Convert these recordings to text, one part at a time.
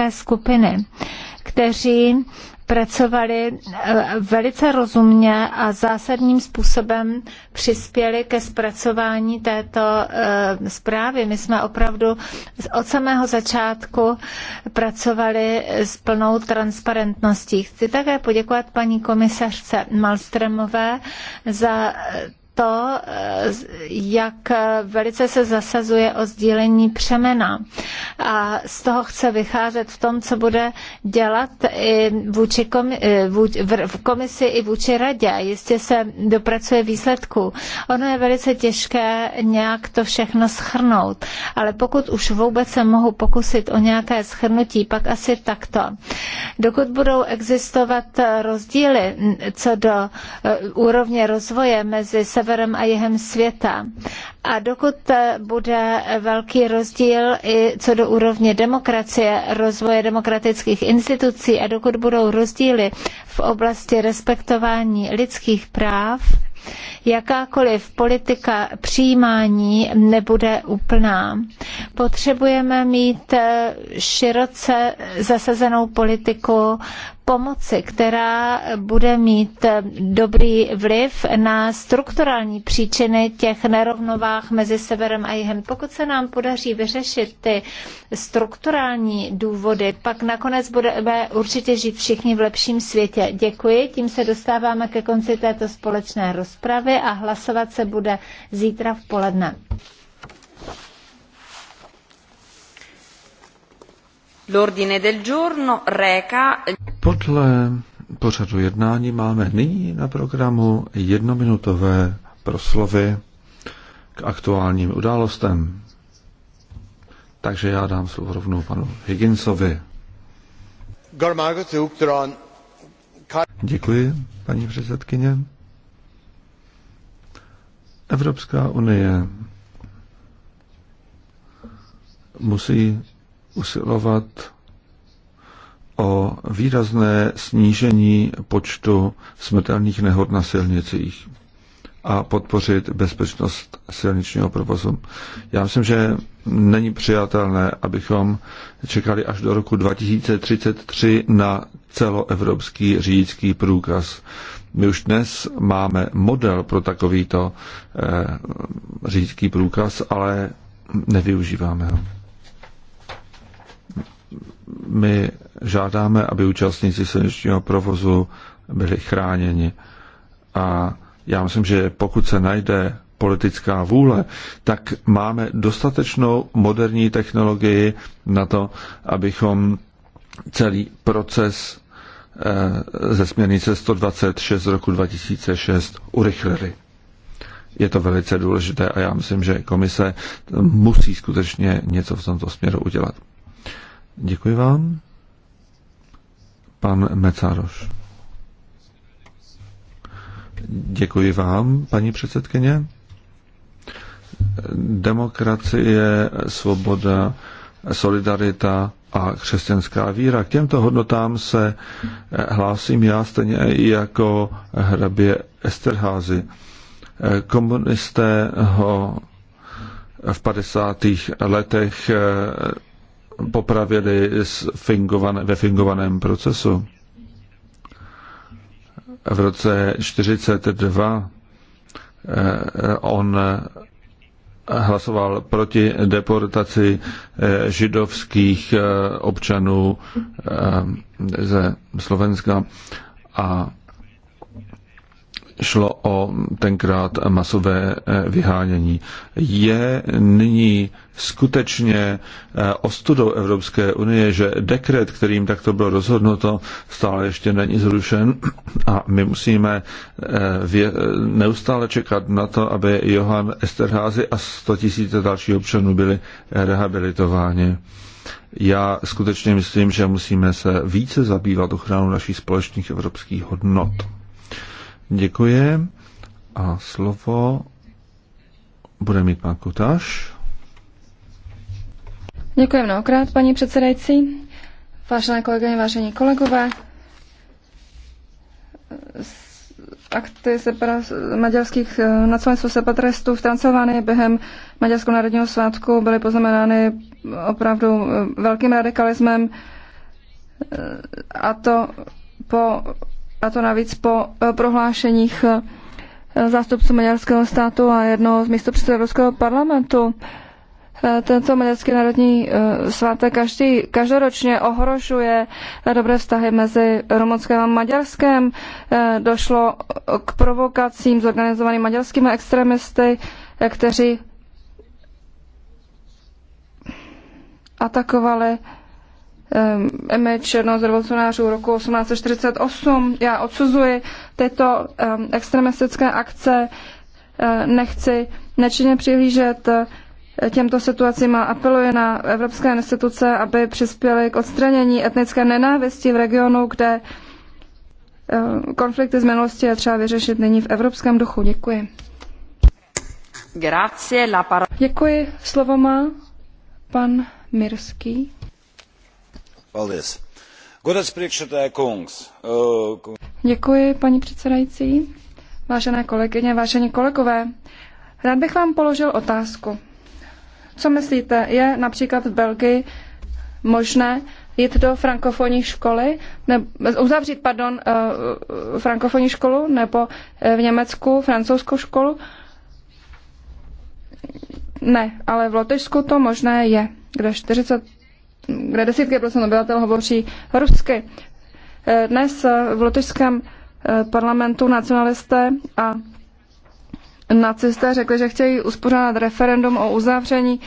velké skupiny, kteří pracovali eh, velice rozumně a zásadním způsobem přispěli ke zpracování této eh, zprávy. My jsme opravdu od samého začátku pracovali s plnou transparentností. Chci také poděkovat paní komisařce Malstremové za to, eh, jak velice se zasazuje o sdílení přemena. A z toho chce vycházet v tom, co bude dělat i vůči komi- eh, vůč- v komisi i vůči radě. Jistě se dopracuje výsledku. Ono je velice těžké nějak to všechno schrnout, ale pokud už vůbec se mohu pokusit o nějaké schrnutí, pak asi takto. Dokud budou existovat rozdíly co do eh, úrovně rozvoje mezi severem severem a jihem světa. A dokud eh, bude velký rozdíl i co do úrovně demokracie, rozvoje demokratických institucí a dokud budou rozdíly v oblasti respektování lidských práv, Jakákoliv politika přijímání nebude úplná. Potřebujeme mít eh, široce zasazenou politiku pomoci, která bude mít dobrý vliv na strukturální příčiny těch nerovnovách mezi severem a jihem. Pokud se nám podaří vyřešit ty strukturální důvody, pak nakonec budeme určitě žít všichni v lepším světě. Děkuji, tím se dostáváme ke konci této společné rozpravy a hlasovat se bude zítra v poledne. L'ordine del giorno reca podle pořadu jednání máme nyní na programu jednominutové proslovy k aktuálním událostem. Takže já dám slovo rovnou panu Higginsovi. Děkuji, paní předsedkyně. Evropská unie musí usilovat o výrazné snížení počtu smrtelných nehod na silnicích a podpořit bezpečnost silničního provozu. Já myslím, že není přijatelné, abychom čekali až do roku 2033 na celoevropský řidičský průkaz. My už dnes máme model pro takovýto eh, řidičský průkaz, ale nevyužíváme ho my žádáme, aby účastníci silničního provozu byli chráněni. A já myslím, že pokud se najde politická vůle, tak máme dostatečnou moderní technologii na to, abychom celý proces eh, ze směrnice 126 z roku 2006 urychlili. Je to velice důležité a já myslím, že komise musí skutečně něco v tomto směru udělat. Děkuji vám. Pan Mecároš. Děkuji vám, paní předsedkyně. Demokracie, svoboda, solidarita a křesťanská víra. K těmto hodnotám se eh, hlásím já stejně jako hrabě Esterházy. Eh, komunisté ho v 50. letech eh, popravili ve fingovaném procesu. V roce 1942 eh, on hlasoval proti deportaci eh, židovských eh, občanů ze Slovenska a šlo o tenkrát masové eh, vyhánění, je nyní skutečně eh, ostudou Evropské unie, že dekret, kterým takto bylo rozhodnuto, stále ještě není zrušen a my musíme eh, neustále čekat na to, aby Johan Esterházy a 100 000 dalších občanů byli rehabilitováni. Já skutečně myslím, že musíme se více zabývat ochranou našich společných evropských hodnot. Děkuji. A slovo bude mít pan Kutáš. Děkuji mnohokrát, paní předsedající. Vážené kolegyně, vážení kolegové, akty separa, maďarských eh, nacionalistů patrestů v Transylvánii během Maďarského národního svátku byly poznamenány opravdu eh, velkým radikalismem eh, a to po a to navíc po eh, prohlášeních eh, zástupců maďarského státu a jednoho z místopředsedů Evropského parlamentu. Eh, tento maďarský národní svátek každý, každoročně ohrožuje dobré vztahy mezi Rumunskem a maďarském. Došlo k provokacím zorganizovaným maďarskými extremisty, kteří atakovali Emmy jednoho z revolucionářů roku 1848. Já odsuzuji tyto um, extremistické akce, ehm, nechci nečinně přihlížet eh, těmto situacím a apeluji na evropské instituce, aby přispěly k odstranění etnické nenávisti v regionu, kde ehm, konflikty z minulosti je třeba vyřešit nyní v evropském duchu. Děkuji. Děkuji. Slovo má pan Mirský. Děkuji, paní předsedající. Vážené kolegyně, vážení kolegové, rád bych vám položil otázku. Co myslíte, je například v Belgii možné jít do frankofonní školy, ne, uzavřít, pardon, frankofonní školu, nebo v Německu francouzskou školu? Ne, ale v Lotyšsku to možné je, kde 40 kde desítky procent obyvatel hovoří rusky. Eh, dnes eh, v lotyšském eh, parlamentu nacionalisté a nacisté řekli, že chtějí uspořádat referendum o uzavření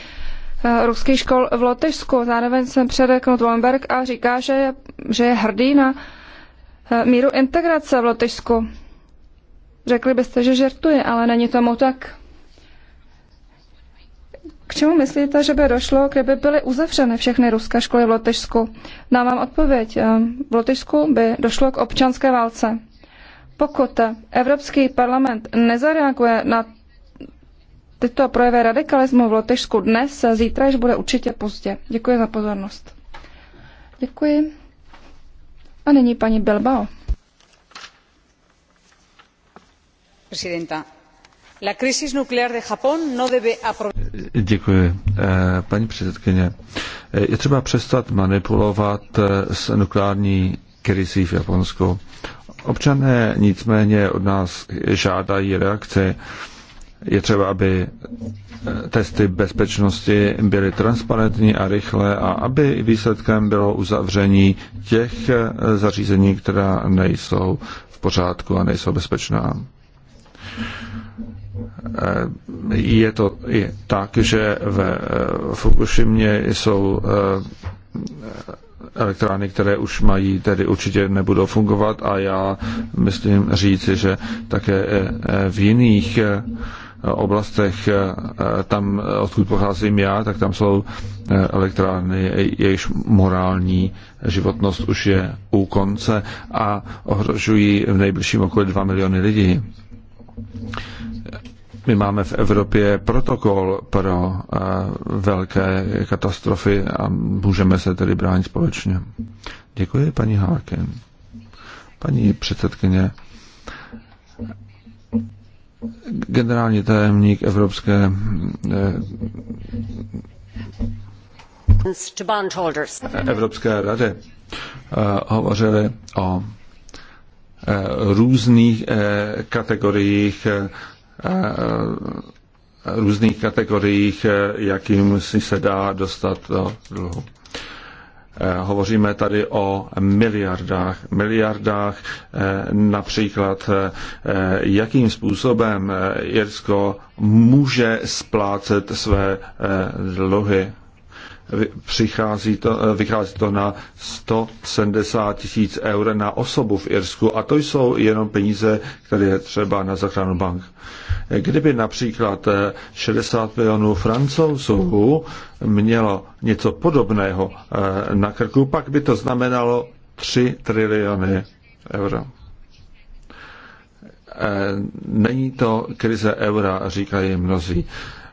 ruských škol v Lotyšsku. Zároveň jsem přede Knut Wallenberg a říká, že je, že je hrdý na míru integrace v Lotyšsku. Řekli byste, že žertuje, ale není tomu tak. K čemu myslíte, že by došlo, kdyby byly uzavřeny všechny ruské školy v Lotyšsku? Dám vám odpověď. Eh, v Lotyšsku by došlo k občanské válce. Pokud Evropský parlament nezareaguje na tyto projevy radikalismu v Lotyšsku dnes, zítra již bude určitě pozdě. Děkuji za pozornost. Děkuji. A nyní paní Bilbao. Presidenta, La crisis nuclear de Japón no debe Děkuji, eh, paní předsedkyně. Eh, je třeba přestat manipulovat eh, s nukleární krizí v Japonsku. Občané nicméně od nás žádají reakci. Je třeba, aby testy bezpečnosti byly transparentní a rychlé a aby výsledkem bylo uzavření těch zařízení, která nejsou v pořádku a nejsou bezpečná. Eh, je to i tak, že ve eh, Fukushimě jsou eh, elektrárny, které už mají, tedy určitě nebudou fungovat a já myslím říci, že také v jiných oblastech, tam, odkud pocházím já, tak tam jsou elektrárny, jejichž morální životnost už je u konce a ohrožují v nejbližším okolí 2 miliony lidí. My máme v Evropě protokol pro eh, velké katastrofy a můžeme se tedy bránit společně. Děkuji, paní Háken. Paní předsedkyně, generální tajemník Evropské eh, Evropské rady eh, hovořili o Eh, eh, eh, různých kategoriích různých kategoriích, jakým si se dá dostat do dluhu. Hovoříme tady o miliardách. Miliardách například, jakým způsobem Irsko může splácet své dluhy přichází to, eh, vychází to na 170 tisíc eur na osobu v Irsku a to jsou jenom peníze, které je třeba na zachránu bank. Eh, kdyby například 60 eh, milionů francouzů mělo něco podobného na krku, pak by to znamenalo 3 triliony euro. Není to krize eura, říkají mnozí.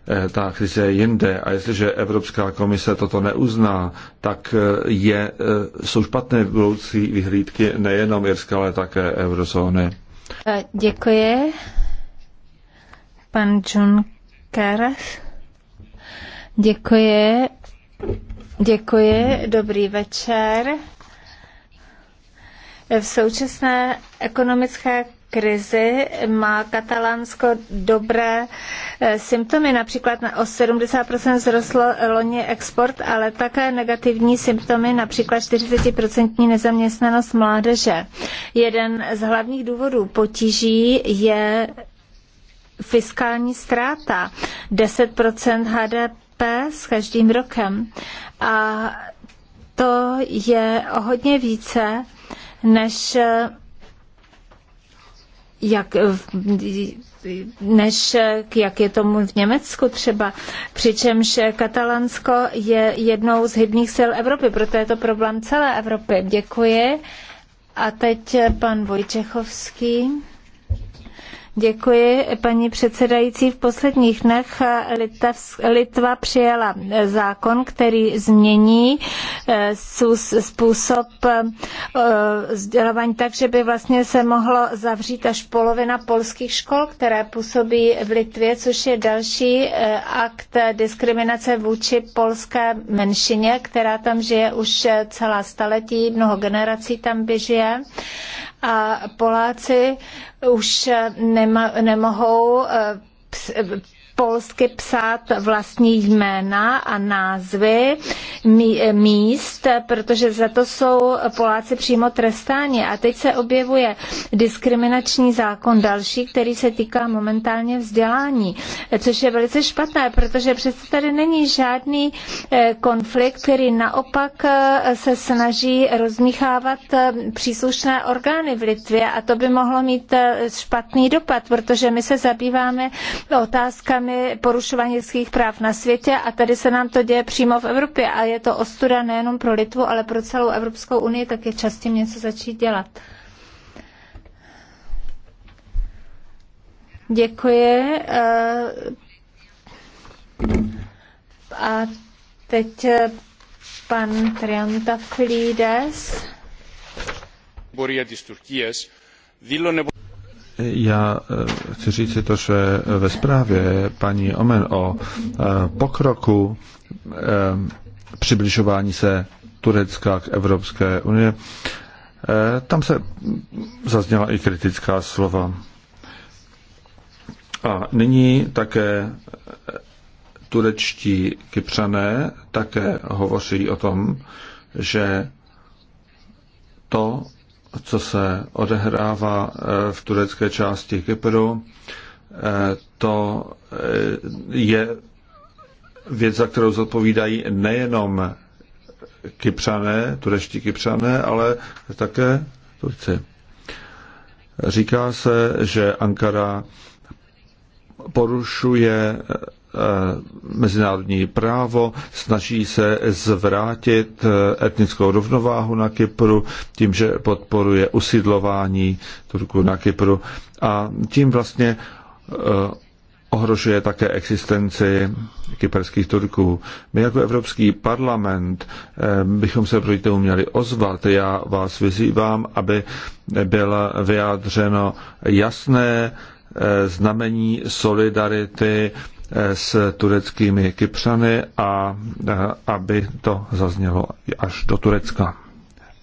Eh, ta krize je jinde a jestliže Evropská komise toto neuzná, tak eh, je, eh, jsou špatné budoucí vyhlídky nejenom Irska, ale také eurozóny. Děkuji. Pan John Karas. Děkuji. Děkuji. Dobrý večer. V současné ekonomické krizi má Katalánsko dobré eh, symptomy. Například na o 70% zrostl loni export, ale také negativní symptomy, například 40% nezaměstnanost mládeže. Jeden z hlavních důvodů potíží je fiskální ztráta. 10% HDP s každým rokem. A to je o hodně více, než eh, jak než jak je tomu v Německu třeba. Přičemž Katalánsko je jednou z hybných sil Evropy, proto je to problém celé Evropy. Děkuji. A teď pan Vojčechovský. Děkuji, paní předsedající. V posledních dnech Litva přijala eh, zákon, který změní eh, způsob vzdělávání eh, tak, že by vlastně se mohlo zavřít až polovina polských škol, které působí v Litvě, což je další akt diskriminace vůči polské menšině, která tam žije už celá staletí, mnoho generací tam žije a Poláci už nema, nemohou eh, polsky psát vlastní jména a názvy míst, protože za to jsou Poláci přímo trestáni. A teď se objevuje diskriminační zákon další, který se týká momentálně vzdělání, což je velice špatné, protože přece tady není žádný eh, konflikt, který naopak eh, se snaží rozmíchávat eh, příslušné orgány v Litvě a to by mohlo mít špatný dopad, protože my se zabýváme otázkami orgány porušování lidských práv na světě a tady se nám to děje přímo v Evropě a je to ostuda nejenom pro Litvu, ale pro celou Evropskou unii, tak je čas tím něco začít dělat. Děkuji. Eh, a teď eh, pan Triantafilides. Boria της Turkίας nebo. Já eh, chci říct si to, že ve zprávě paní Omen o eh, pokroku eh, přibližování se Turecka k Evropské unie, tam se zazněla i kritická slova. A nyní také turečtí kypřané také hovoří o tom, že to, co se odehrává eh, v turecké části Kypru. Eh, to eh, je věc, za kterou zodpovídají nejenom Kypřané, turečtí Kypřané, ale také Turci. Říká se, že Ankara porušuje Eh, mezinárodní právo, snaží se zvrátit eh, etnickou rovnováhu na Kypru tím, že podporuje usídlování Turku na Kypru a tím vlastně eh, ohrožuje také existenci kyperských Turků. My jako Evropský parlament bychom se proti tomu měli ozvat. Já vás vyzývám, aby bylo vyjádřeno jasné znamení solidarity s tureckými Kypřany a aby to zaznělo až do Turecka.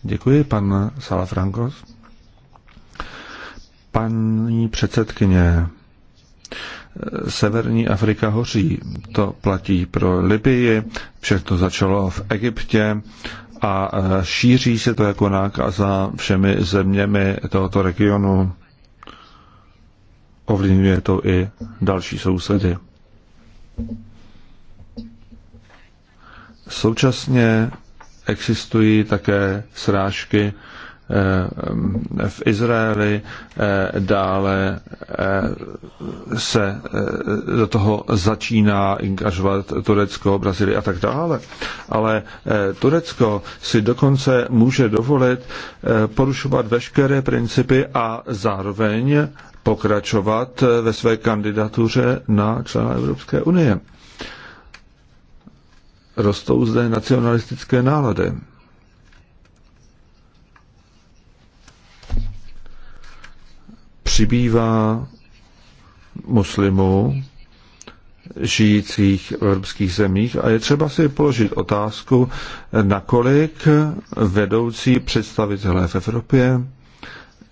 Děkuji, pan Salafrankos. Paní předsedkyně, Severní Afrika hoří. To platí pro Libii, všechno začalo v Egyptě a šíří se to jako nákaza všemi zeměmi tohoto regionu. Ovlivňuje to i další sousedy. Současně existují také srážky eh, v Izraeli, eh, dále eh, se do toho začíná inkažovat Turecko, Brazílie a tak dále. Ale Turecko si dokonce může dovolit porušovat veškeré principy a zároveň pokračovat ve své kandidatuře na člena Evropské unie. Rostou zde nacionalistické nálady. Přibývá muslimů žijících v evropských zemích a je třeba si položit otázku, nakolik vedoucí představitelé v Evropě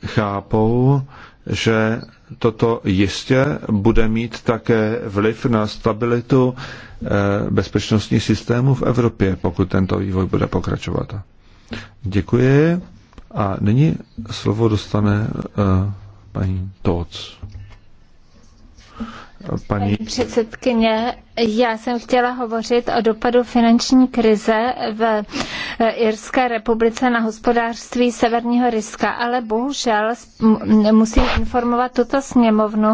chápou, že toto jistě bude mít také vliv na stabilitu eh, bezpečnostních systémů v Evropě, pokud tento vývoj bude pokračovat. Děkuji. A nyní slovo dostane eh, paní Toc. Paní... paní předsedkyně, já jsem chtěla hovořit o dopadu finanční krize v e, Irské republice na hospodářství Severního Ryska, ale bohužel musím informovat tuto sněmovnu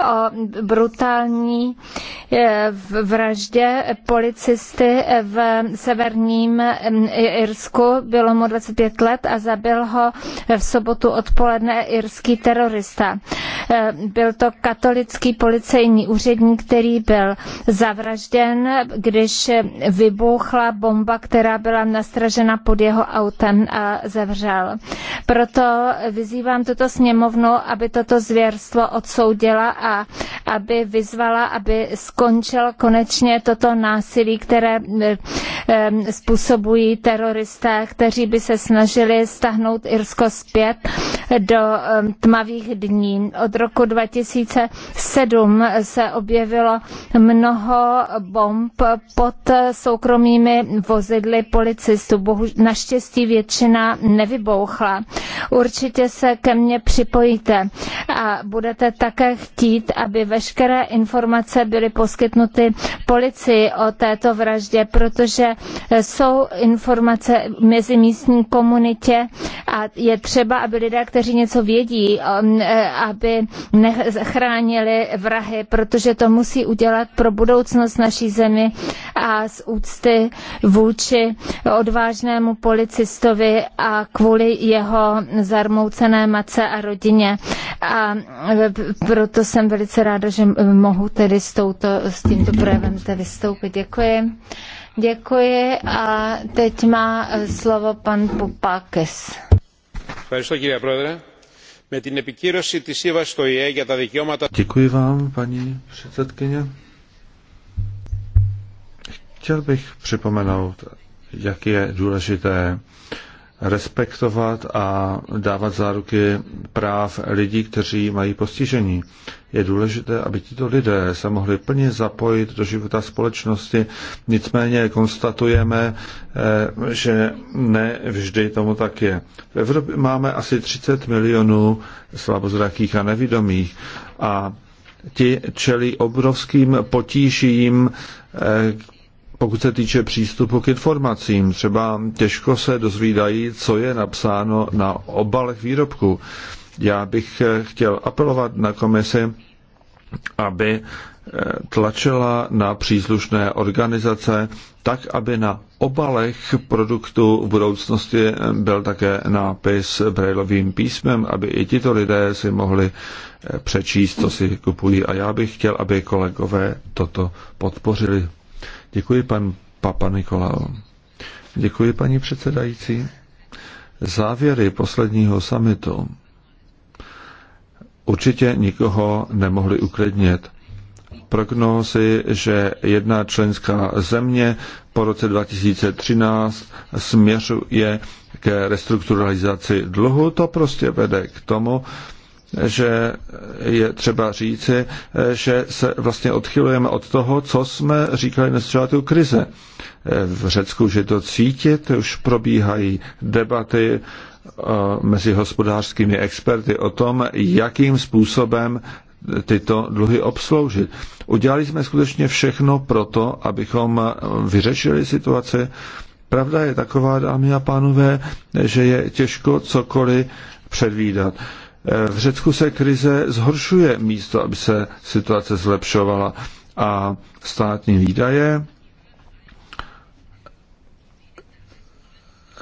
o brutální e, vraždě policisty v Severním Irsku. Bylo mu 25 let a zabil ho v sobotu odpoledne irský terorista. E, byl to katolický policejní úředník, který byl za zavražděn, když vybuchla bomba, která byla nastražena pod jeho autem a zavřel. Proto vyzývám tuto sněmovnu, aby toto zvěrstvo odsoudila a aby vyzvala, aby skončil konečně toto násilí, které způsobují teroristé, kteří by se snažili stáhnout Irsko zpět do tmavých dní. Od roku 2007 se objevilo mnoho mnoho bomb pod soukromými vozidly policistů. Bohu, naštěstí většina nevybouchla. Určitě se ke mně připojíte a budete také chtít, aby veškeré informace byly poskytnuty policii o této vraždě, protože jsou informace mezi místní komunitě a je třeba, aby lidé, kteří něco vědí, um, eh, aby nechránili vrahy, protože to musí udělat pro budoucí budoucnost naší zemi a z úcty vůči odvážnému policistovi a kvůli jeho zarmoucené matce a rodině. A proto jsem velice ráda, že mohu tedy s, touto, s tímto projevem zde vystoupit. Děkuji. Děkuji a teď má slovo pan Popakis. Děkuji vám, paní předsedkyně. Chtěl bych připomenout, jak je důležité respektovat a dávat záruky práv lidí, kteří mají postižení. Je důležité, aby tito lidé se mohli plně zapojit do života společnosti. Nicméně konstatujeme, eh, že ne vždy tomu tak je. V Evropě máme asi 30 milionů slabozrakých a nevidomých a ti čelí obrovským potížím, eh, pokud se týče přístupu k informacím. Třeba těžko se dozvídají, co je napsáno na obalech výrobků. Já bych eh, chtěl apelovat na komisi, aby eh, tlačila na příslušné organizace tak, aby na obalech produktů v budoucnosti eh, byl také nápis brailovým písmem, aby i tito lidé si mohli přečíst, co si kupují. A já bych chtěl, aby kolegové toto podpořili. Děkuji pan Papa Nikolao. Děkuji paní předsedající. Závěry posledního samitu určitě nikoho nemohli uklidnit. Prognózy, že jedna členská země po roce 2013 směřuje ke restrukturalizaci dluhu, to prostě vede k tomu, že je třeba říci, že se vlastně odchylujeme od toho, co jsme říkali na začátku krize. V Řecku, že to cítit, už probíhají debaty eh, mezi hospodářskými experty o tom, jakým způsobem tyto dluhy obsloužit. Udělali jsme skutečně všechno pro to, abychom vyřešili situaci. Pravda je taková, dámy a pánové, že je těžko cokoliv předvídat. Eh, v Řecku se krize zhoršuje místo, aby se situace zlepšovala a státní výdaje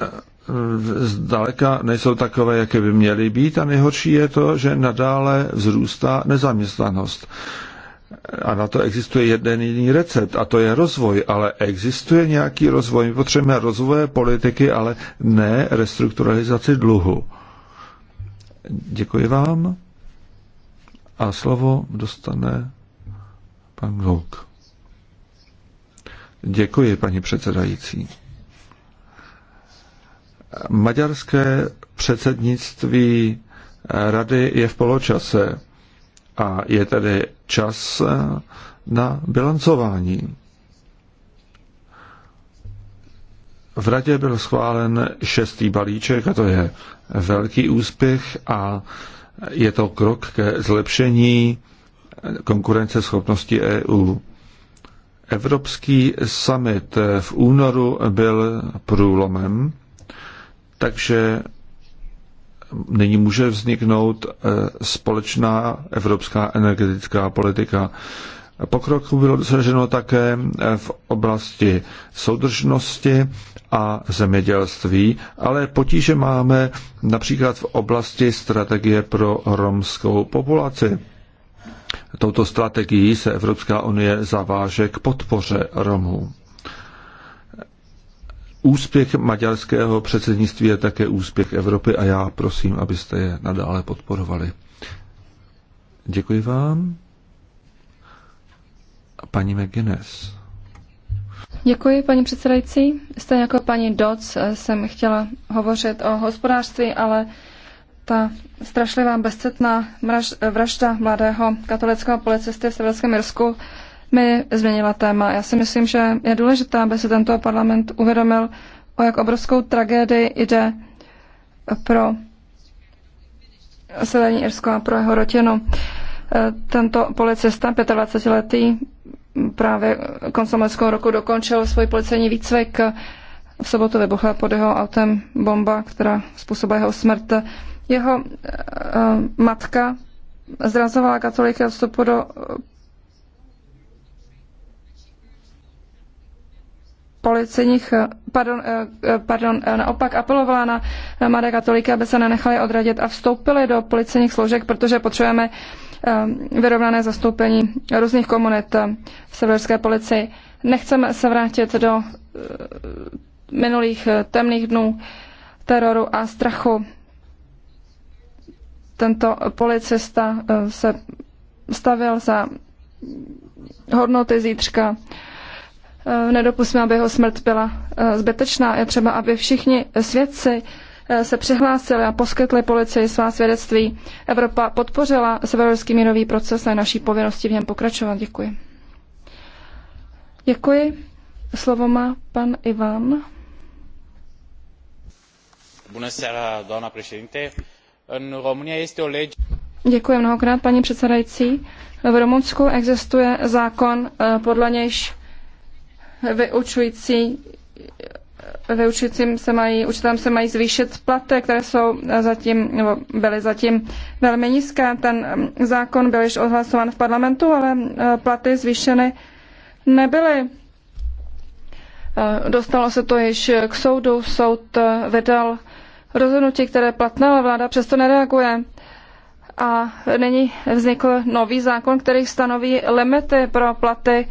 eh, zdaleka nejsou takové, jaké by měly být a nejhorší je to, že nadále vzrůstá nezaměstnanost. A na to existuje jeden jediný recept a to je rozvoj, ale existuje nějaký rozvoj. My potřebujeme rozvoje politiky, ale ne restrukturalizaci dluhu. Děkuji vám. A slovo dostane pan Louk. Děkuji, paní předsedající. Maďarské předsednictví rady je v poločase a je tedy čas na bilancování. V radě byl schválen šestý balíček a to je velký úspěch a je to krok ke zlepšení konkurenceschopnosti EU. Evropský summit v únoru byl průlomem, takže nyní může vzniknout e, společná evropská energetická politika. Pokroku bylo dosaženo také v oblasti soudržnosti a zemědělství, ale potíže máme například v oblasti strategie pro romskou populaci. Touto strategií se Evropská unie zaváže k podpoře Romů. Úspěch maďarského předsednictví je také úspěch Evropy a já prosím, abyste je nadále podporovali. Děkuji vám. Paní McGuinness. Děkuji, paní předsedající. Jste jako paní Doc eh, jsem chtěla hovořit o hospodářství, ale ta strašlivá bezcetná eh, vražda mladého katolického policisty v Severském Jirsku mi změnila téma. Já si myslím, že je důležité, aby se tento parlament uvědomil, o jak obrovskou tragédii jde pro Severní Irsko a pro jeho rodinu. Eh, tento policista, 25-letý, právě koncem lidského roku dokončil svůj policejní výcvik. V sobotu vybuchla pod jeho autem bomba, která způsobila jeho smrt. Jeho uh, matka zrazovala katolíky vstupu do policejních, eh, pardon, pardon, naopak apelovala na mladé katolíky, aby se nenechali odradit a vstoupili do policejních složek, protože potřebujeme uh, Eh, vyrovnané zastoupení různých komunit v severské policii. Nechceme se vrátit do eh, minulých eh, temných dnů teroru a strachu. Tento policista se stavil za hodnoty zítřka. Nedopustíme, aby jeho smrt byla zbytečná. Je třeba, aby všichni svědci Eh, se přihlásili a poskytli policii svá svědectví. Evropa podpořila severský mírový proces a je naší povinnosti v něm pokračovat. Děkuji. Děkuji. Slovo má pan Ivan. Bună seara, doamna președinte. În România este o lege... Děkuji mnohokrát, paní předsedající. V Rumunsku existuje zákon, eh, podle nějž vyučující ve učitelům se mají, učitelům se mají zvýšit platy, které jsou zatím, nebo byly zatím velmi nízké. Ten mm, zákon byl již odhlasován v parlamentu, ale e, platy zvýšeny nebyly. E, dostalo se to již k soudu, soud e, vydal rozhodnutí, které platné, ale vláda přesto nereaguje. A nyní vznikl nový zákon, který stanoví limity pro platy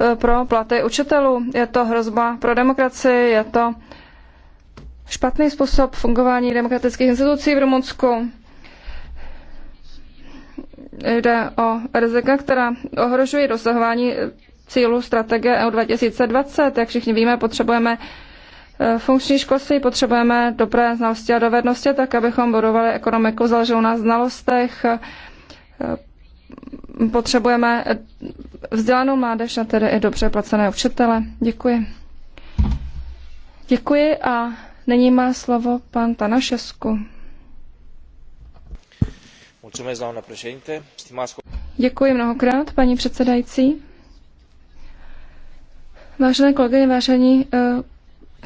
Eh, pro platy učitelů. Je to hrozba pro demokracii, je to špatný způsob fungování demokratických institucí v Rumunsku. Jde o rizika, která ohrožují dosahování cílů strategie EU 2020. Jak všichni víme, potřebujeme eh, funkční školství, potřebujeme dobré znalosti a dovednosti, tak abychom budovali ekonomiku založenou na znalostech, eh, potřebujeme vzdělanou mládež a tedy i dobře placené učitele. Děkuji. Děkuji a nyní má slovo pan Tanašesku. Děkuji mnohokrát, paní předsedající. Vážené kolegyně, vážení eh,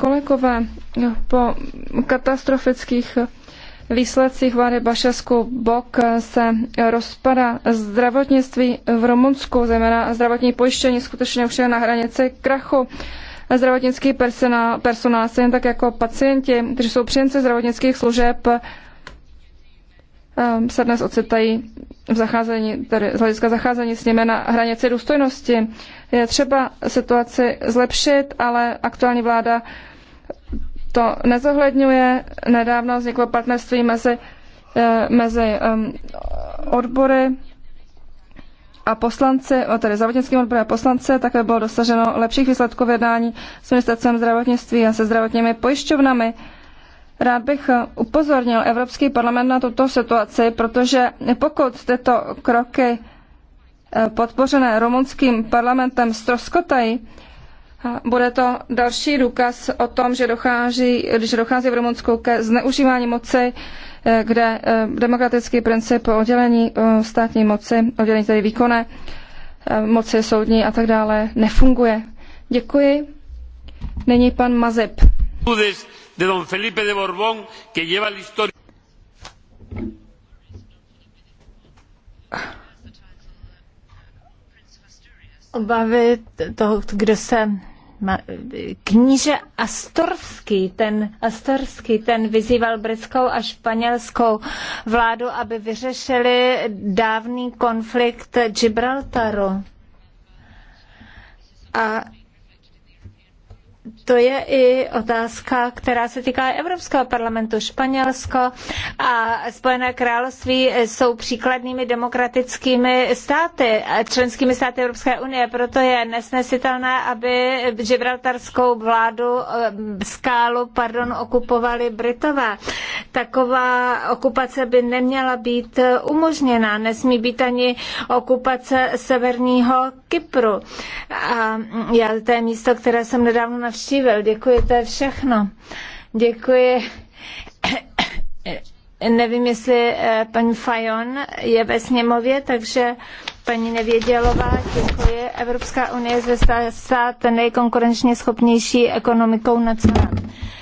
kolegové, po katastrofických eh, výsledcích vlády Bašesku Bok se rozpada zdravotnictví v Rumunsku, zejména zdravotní pojištění skutečně už je na hranici krachu. Zdravotnický personál, personál stejně tak jako pacienti, kteří jsou příjemci zdravotnických služeb, eh, se dnes ocitají v zacházení, tedy z hlediska zacházení s nimi na hranici důstojnosti. Je třeba situaci zlepšit, ale aktuální vláda to nezohledňuje. Nedávno vzniklo partnerství mezi, eh, mezi odbory a poslanci, tedy zdravotnickým odborem a poslanci. také bylo dosaženo lepších výsledků v jednání s ministerstvem zdravotnictví a se zdravotními pojišťovnami. Rád bych eh, upozornil Evropský parlament na tuto situaci, protože pokud tyto kroky eh, podpořené rumunským parlamentem stroskotají, bude to další důkaz o tom, že dochází, když dochází v Rumunsku ke zneužívání moci, eh, kde eh, demokratický princip oddělení eh, státní moci, oddělení tedy výkonné, moci soudní a tak dále, nefunguje. Děkuji. Nyní pan Mazep. De don Felipe de Borbón, que lleva la historia... obavy toho, kdo se kníže Astorský, ten, Astorský, ten vyzýval britskou a španělskou vládu, aby vyřešili dávný konflikt Gibraltaru. A to je i otázka, která se týká Evropského parlamentu. Španělsko a Spojené království jsou příkladnými demokratickými státy, členskými státy Evropské unie, proto je nesnesitelné, aby gibraltarskou vládu eh, skálu pardon, okupovali Britové. Taková okupace by neměla být umožněna, nesmí být ani okupace severního Kypru. A já to je místo, které jsem nedávno navštívila navštívil. Děkuji, to je všechno. Děkuji. Nevím, jestli eh, paní Fajon je ve sněmově, takže paní Nevědělová, děkuji. Evropská unie je stát nejkonkurenčně schopnější ekonomikou na celém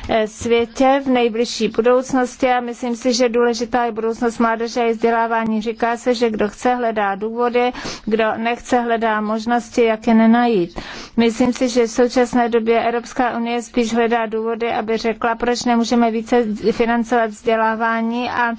Eh, světě v nejbližší budoucnosti a myslím si, že důležitá je budoucnost mládeže a vzdělávání. Říká se, že kdo chce, hledá důvody, kdo nechce, hledá možnosti, jak je nenajít. Myslím si, že v současné době Evropská unie spíš hledá důvody, aby řekla, proč nemůžeme více financovat vzdělávání a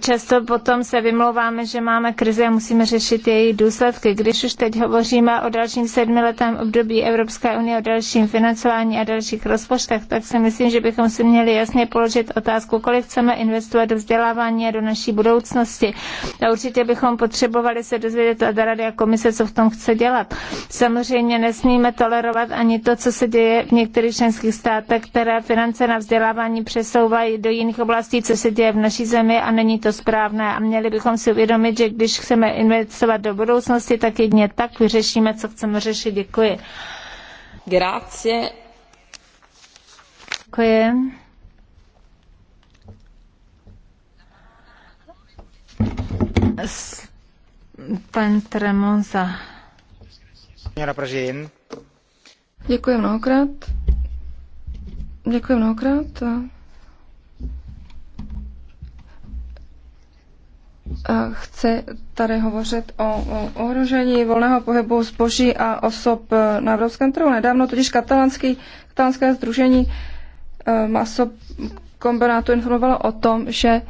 často potom se vymlouváme, že máme krizi a musíme řešit její důsledky. Když už teď hovoříme o dalším sedmiletém období Evropské unie, o dalším financování a dalších rozpočtech, tak si myslím, že bychom si měli jasně položit otázku, kolik chceme investovat do vzdělávání a do naší budoucnosti. A určitě bychom potřebovali se dozvědět od Rady a komise, co v tom chce dělat. Samozřejmě nesmíme tolerovat ani to, co se děje v některých členských státech, které finance na vzdělávání přesouvají do jiných oblastí, co se děje v naší zemi a není to správné. A měli bychom si uvědomit, že když chceme investovat do budoucnosti, tak jedně tak vyřešíme, co chceme řešit. Děkuji. Grazie. Děkuji. Pan Tremonza. Děkuji mnohokrát. Děkuji mnohokrát. Chci tady hovořit o, o ohrožení volného pohybu zboží a osob na evropském trhu. Nedávno totiž katalánský, katalánské združení Eh, maso kombinátu informovalo o tom, že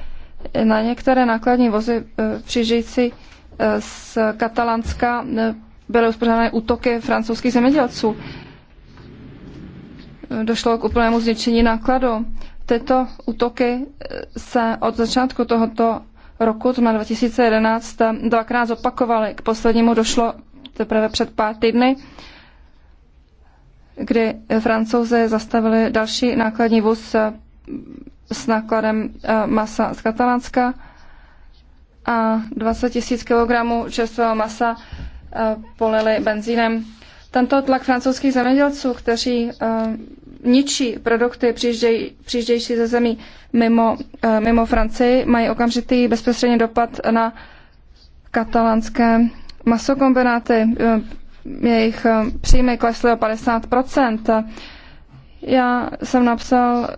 na některé nákladní vozy eh, přižijící eh, z Katalánska byly uspořádané útoky francouzských zemědělců. Došlo k úplnému zničení nákladu. Tyto útoky se od začátku tohoto roku, to na 2011, dvakrát zopakovaly. K poslednímu došlo teprve před pár týdny kdy Francouze zastavili další nákladní vůz eh, s nákladem eh, masa z Katalánska a 20 000 kilogramů čerstvého masa eh, polili benzínem. Tento tlak francouzských zemědělců, kteří ničí produkty přijížděj, ze zemí mimo, mimo Francii, mají okamžitý bezprostřední dopad na katalánské masokombináty jejich eh, příjmy klesly o 50%. Já jsem napsal,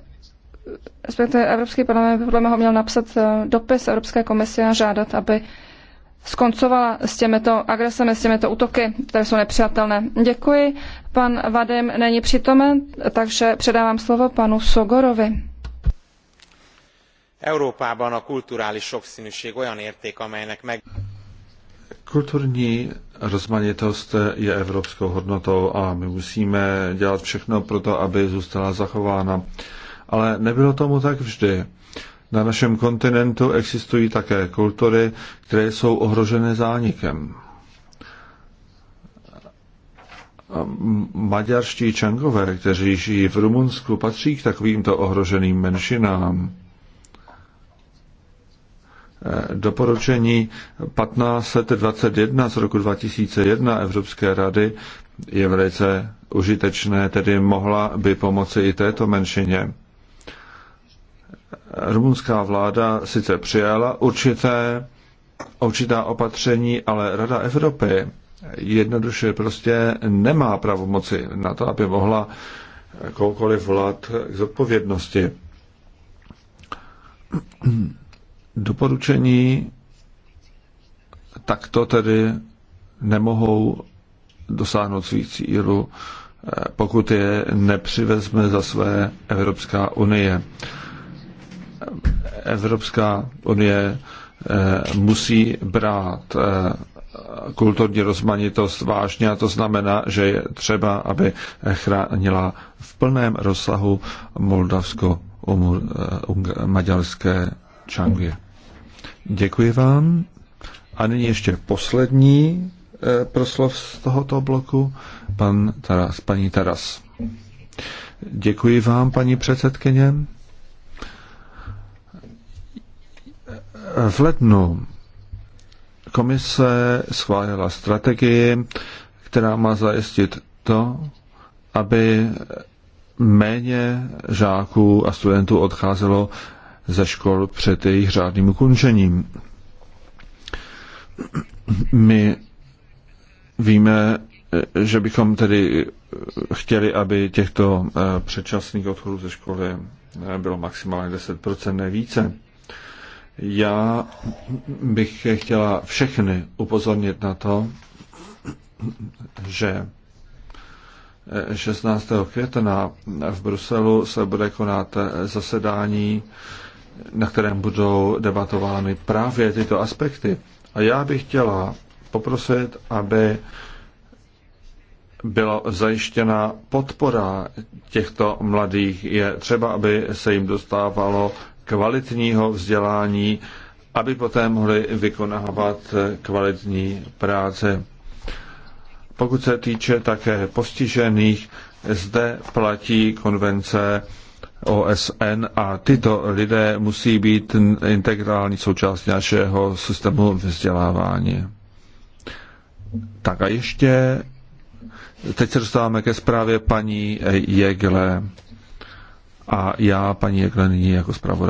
respektive Evropský parlament podle mého měl napsat eh, dopis Evropské komisi a žádat, aby skoncovala s těmito agresemi, s těmito útoky, které jsou nepřijatelné. Děkuji. Pan Vadim není přítomen, takže předávám slovo panu Sogorovi. Európában a kulturális sokszínűség olyan érték, amelynek meg... Kulturní rozmanitost je evropskou hodnotou a my musíme dělat všechno pro to, aby zůstala zachována. Ale nebylo tomu tak vždy. Na našem kontinentu existují také kultury, které jsou ohrožené zánikem. Maďarští čangové, kteří žijí v Rumunsku, patří k takovýmto ohroženým menšinám. Eh, doporučení 1521 z roku 2001 Evropské rady je velice užitečné, tedy mohla by pomoci i této menšině. Rumunská vláda sice přijala určité, určitá opatření, ale Rada Evropy jednoduše prostě nemá pravomoci na to, aby mohla koukoliv vlád k zodpovědnosti doporučení takto tedy nemohou dosáhnout svých cílů, eh, pokud je nepřivezme za své Evropská unie. Evropská unie eh, musí brát eh, kulturní rozmanitost vážně a to znamená, že je třeba, aby chránila v plném rozsahu moldavsko-maďarské čangy. Děkuji vám. A nyní ještě poslední eh, proslov z tohoto bloku, pan Taras, paní Taras. Děkuji vám, paní předsedkyně. V lednu komise schválila strategii, která má zajistit to, aby méně žáků a studentů odcházelo ze škol před jejich řádným ukončením. My víme, že bychom tedy chtěli, aby těchto eh, předčasných odchodů ze školy eh, bylo maximálně 10%, ne více. Já bych chtěla všechny upozornit na to, že 16. Eh, května v Bruselu se bude konat zasedání na kterém budou debatovány právě tyto aspekty. A já bych chtěla poprosit, aby byla zajištěna podpora těchto mladých. Je třeba, aby se jim dostávalo kvalitního vzdělání, aby poté mohli vykonávat kvalitní práce. Pokud se týče také postižených, zde platí konvence OSN a tyto lidé musí být integrální součástí našeho systému vzdělávání. Tak a ještě, teď se dostáváme ke zprávě paní Jegle. A já, paní Jegle, nyní jako zpravodaj.